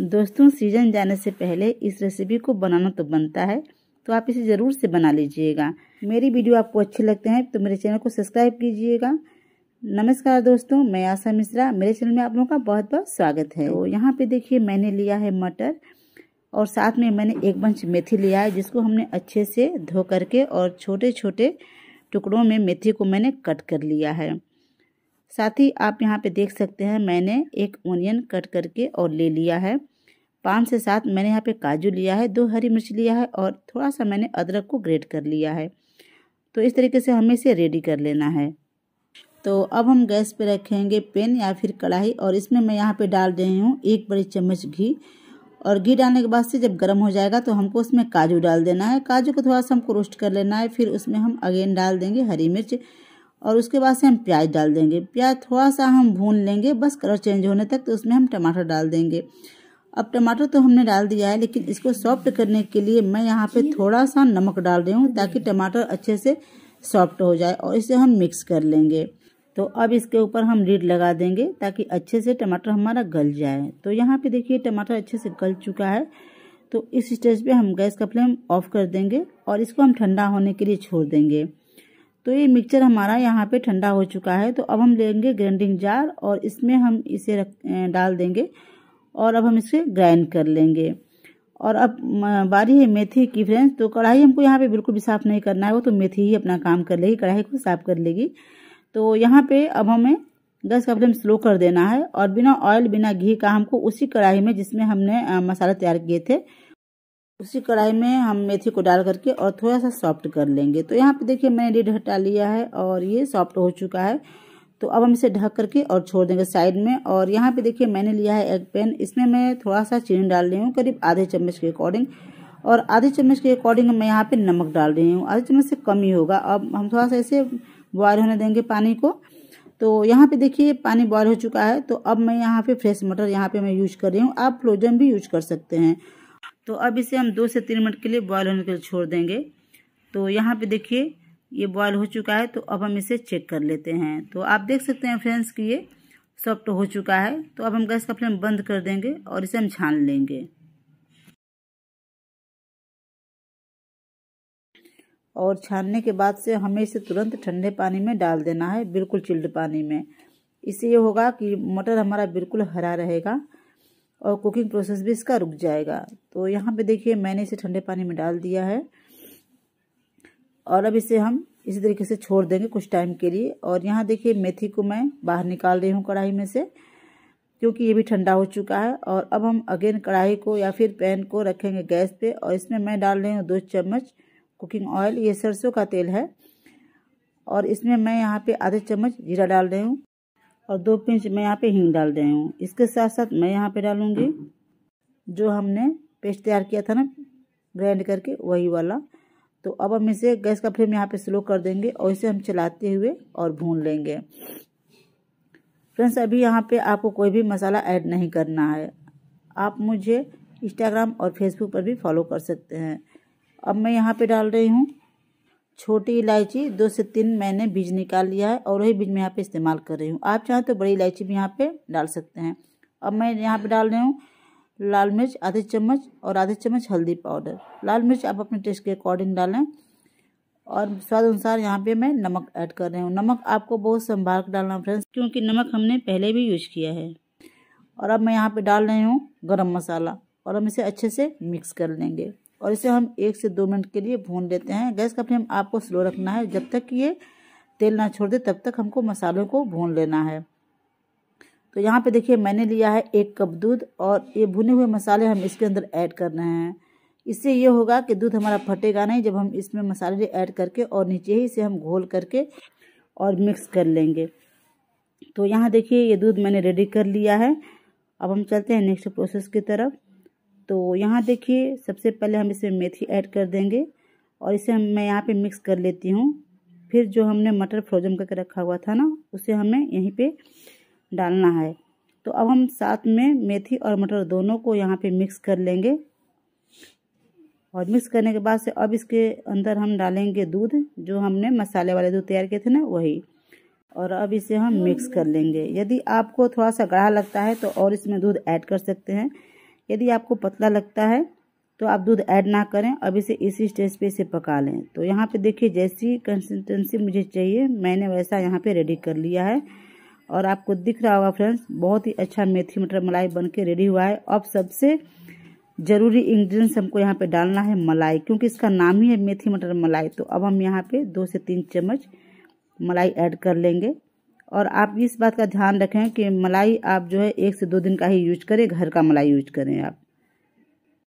दोस्तों सीजन जाने से पहले इस रेसिपी को बनाना तो बनता है तो आप इसे ज़रूर से बना लीजिएगा मेरी वीडियो आपको अच्छे लगते हैं तो मेरे चैनल को सब्सक्राइब कीजिएगा नमस्कार दोस्तों मैं आशा मिश्रा मेरे चैनल में आप लोगों का बहुत बहुत स्वागत है तो यहाँ पे देखिए मैंने लिया है मटर और साथ में मैंने एक बंच मेथी लिया है जिसको हमने अच्छे से धो करके और छोटे छोटे टुकड़ों में मेथी को मैंने कट कर लिया है साथ ही आप यहाँ पे देख सकते हैं मैंने एक ओनियन कट करके और ले लिया है पाँच से सात मैंने यहाँ पे काजू लिया है दो हरी मिर्च लिया है और थोड़ा सा मैंने अदरक को ग्रेट कर लिया है तो इस तरीके से हमें इसे रेडी कर लेना है तो अब हम गैस पे रखेंगे पेन या फिर कढ़ाई और इसमें मैं यहाँ पे डाल रही हूँ एक बड़ी चम्मच घी और घी डालने के बाद से जब गर्म हो जाएगा तो हमको उसमें काजू डाल देना है काजू को थोड़ा सा हमको रोस्ट कर लेना है फिर उसमें हम अगेन डाल देंगे हरी मिर्च और उसके बाद से हम प्याज डाल देंगे प्याज थोड़ा सा हम भून लेंगे बस कलर चेंज होने तक तो उसमें हम टमाटर डाल देंगे अब टमाटर तो हमने डाल दिया है लेकिन इसको सॉफ्ट करने के लिए मैं यहाँ पे थोड़ा सा नमक डाल रही हूँ ताकि टमाटर अच्छे से सॉफ्ट हो जाए और इसे हम मिक्स कर लेंगे तो अब इसके ऊपर हम रीड लगा देंगे ताकि अच्छे से टमाटर हमारा गल जाए तो यहाँ पे देखिए टमाटर अच्छे से गल चुका है तो इस स्टेज पे हम गैस का फ्लेम ऑफ कर देंगे और इसको हम ठंडा होने के लिए छोड़ देंगे तो ये मिक्सचर हमारा यहाँ पे ठंडा हो चुका है तो अब हम लेंगे ग्राइंडिंग जार और इसमें हम इसे रख डाल देंगे और अब हम इसे ग्राइंड कर लेंगे और अब बारी है मेथी की फ्रेंड्स तो कढ़ाई हमको यहाँ पे बिल्कुल भी साफ़ नहीं करना है वो तो मेथी ही अपना काम कर लेगी कढ़ाई को साफ़ कर लेगी तो यहाँ पे अब हमें गैस का फ्लेम स्लो कर देना है और बिना ऑयल बिना घी का हमको उसी कढ़ाई में जिसमें हमने मसाला तैयार किए थे उसी कढ़ाई में हम मेथी को डाल करके और थोड़ा सा सॉफ्ट कर लेंगे तो यहाँ पे देखिए मैंने लीड हटा लिया है और ये सॉफ्ट हो चुका है तो अब हम इसे ढक करके और छोड़ देंगे साइड में और यहाँ पे देखिए मैंने लिया है एग पैन इसमें मैं थोड़ा सा चीनी डाल रही हूँ करीब आधे चम्मच के अकॉर्डिंग और आधे चम्मच के अकॉर्डिंग मैं यहाँ पे नमक डाल रही हूँ आधे चम्मच से कम ही होगा अब हम थोड़ा सा ऐसे बॉयल होने देंगे पानी को तो यहाँ पे देखिए पानी बॉयल हो चुका है तो अब मैं यहाँ पे फ्रेश मटर यहाँ पे मैं यूज कर रही हूँ आप फ्रोजन भी यूज कर सकते हैं तो अब इसे हम दो से तीन मिनट के लिए बॉयल होने के लिए छोड़ देंगे तो यहाँ पे देखिए ये बॉयल हो चुका है तो अब हम इसे चेक कर लेते हैं तो आप देख सकते हैं फ्रेंड्स कि ये सॉफ्ट हो चुका है तो अब हम गैस का फ्लेम बंद कर देंगे और इसे हम छान लेंगे और छानने के बाद से हमें इसे तुरंत ठंडे पानी में डाल देना है बिल्कुल चिल्ड पानी में इससे ये होगा कि मटर हमारा बिल्कुल हरा रहेगा और कुकिंग प्रोसेस भी इसका रुक जाएगा तो यहाँ पे देखिए मैंने इसे ठंडे पानी में डाल दिया है और अब इसे हम इसी तरीके से छोड़ देंगे कुछ टाइम के लिए और यहाँ देखिए मेथी को मैं बाहर निकाल रही हूँ कढ़ाई में से क्योंकि ये भी ठंडा हो चुका है और अब हम अगेन कढ़ाई को या फिर पैन को रखेंगे गैस पे और इसमें मैं डाल रही हूँ दो चम्मच कुकिंग ऑयल ये सरसों का तेल है और इसमें मैं यहाँ पे आधे चम्मच जीरा डाल रही हूँ और दो पिंच मैं यहाँ पे हींग डाल दे हूँ इसके साथ साथ मैं यहाँ पे डालूँगी जो हमने पेस्ट तैयार किया था ना ग्राइंड करके वही वाला तो अब हम इसे गैस का फ्लेम यहाँ पे स्लो कर देंगे और इसे हम चलाते हुए और भून लेंगे फ्रेंड्स अभी यहाँ पे आपको कोई भी मसाला ऐड नहीं करना है आप मुझे इंस्टाग्राम और फेसबुक पर भी फॉलो कर सकते हैं अब मैं यहाँ पर डाल रही हूँ छोटी इलायची दो से तीन मैंने बीज निकाल लिया है और वही बीज मैं यहाँ पे इस्तेमाल कर रही हूँ आप चाहें तो बड़ी इलायची भी यहाँ पे डाल सकते हैं अब मैं यहाँ पे डाल रही हूँ लाल मिर्च आधे चम्मच और आधे चम्मच हल्दी पाउडर लाल मिर्च आप अपने टेस्ट के अकॉर्डिंग डालें और स्वाद अनुसार यहाँ पर मैं नमक ऐड कर रही हूँ नमक आपको बहुत संभाल कर डालना फ्रेंड्स क्योंकि नमक हमने पहले भी यूज किया है और अब मैं यहाँ पर डाल रही हूँ गर्म मसाला और हम इसे अच्छे से मिक्स कर लेंगे और इसे हम एक से दो मिनट के लिए भून लेते हैं गैस का फ्लेम आपको स्लो रखना है जब तक ये तेल ना छोड़ दे तब तक हमको मसालों को भून लेना है तो यहाँ पे देखिए मैंने लिया है एक कप दूध और ये भुने हुए मसाले हम इसके अंदर ऐड कर रहे हैं इससे ये होगा कि दूध हमारा फटेगा नहीं जब हम इसमें मसाले ऐड करके और नीचे ही इसे हम घोल करके और मिक्स कर लेंगे तो यहाँ देखिए ये दूध मैंने रेडी कर लिया है अब हम चलते हैं नेक्स्ट प्रोसेस की तरफ तो यहाँ देखिए सबसे पहले हम इसमें मेथी ऐड कर देंगे और इसे हम मैं यहाँ पे मिक्स कर लेती हूँ फिर जो हमने मटर फ्रोजन करके रखा हुआ था ना उसे हमें यहीं पे डालना है तो अब हम साथ में मेथी और मटर दोनों को यहाँ पे मिक्स कर लेंगे और मिक्स करने के बाद से अब इसके अंदर हम डालेंगे दूध जो हमने मसाले वाले दूध तैयार किए थे ना वही और अब इसे हम मिक्स कर लेंगे यदि आपको थोड़ा सा गढ़ा लगता है तो और इसमें दूध ऐड कर सकते हैं यदि आपको पतला लगता है तो आप दूध ऐड ना करें अब इसे इसी स्टेज पे इसे पका लें तो यहाँ पे देखिए जैसी कंसिस्टेंसी मुझे चाहिए मैंने वैसा यहाँ पे रेडी कर लिया है और आपको दिख रहा होगा फ्रेंड्स बहुत ही अच्छा मेथी मटर मलाई बन के रेडी हुआ है अब सबसे ज़रूरी इंग्रेडिएंट्स हमको यहाँ पे डालना है मलाई क्योंकि इसका नाम ही है मेथी मटर मलाई तो अब हम यहाँ पर दो से तीन चम्मच मलाई ऐड कर लेंगे और आप इस बात का ध्यान रखें कि मलाई आप जो है एक से दो दिन का ही यूज करें घर का मलाई यूज करें आप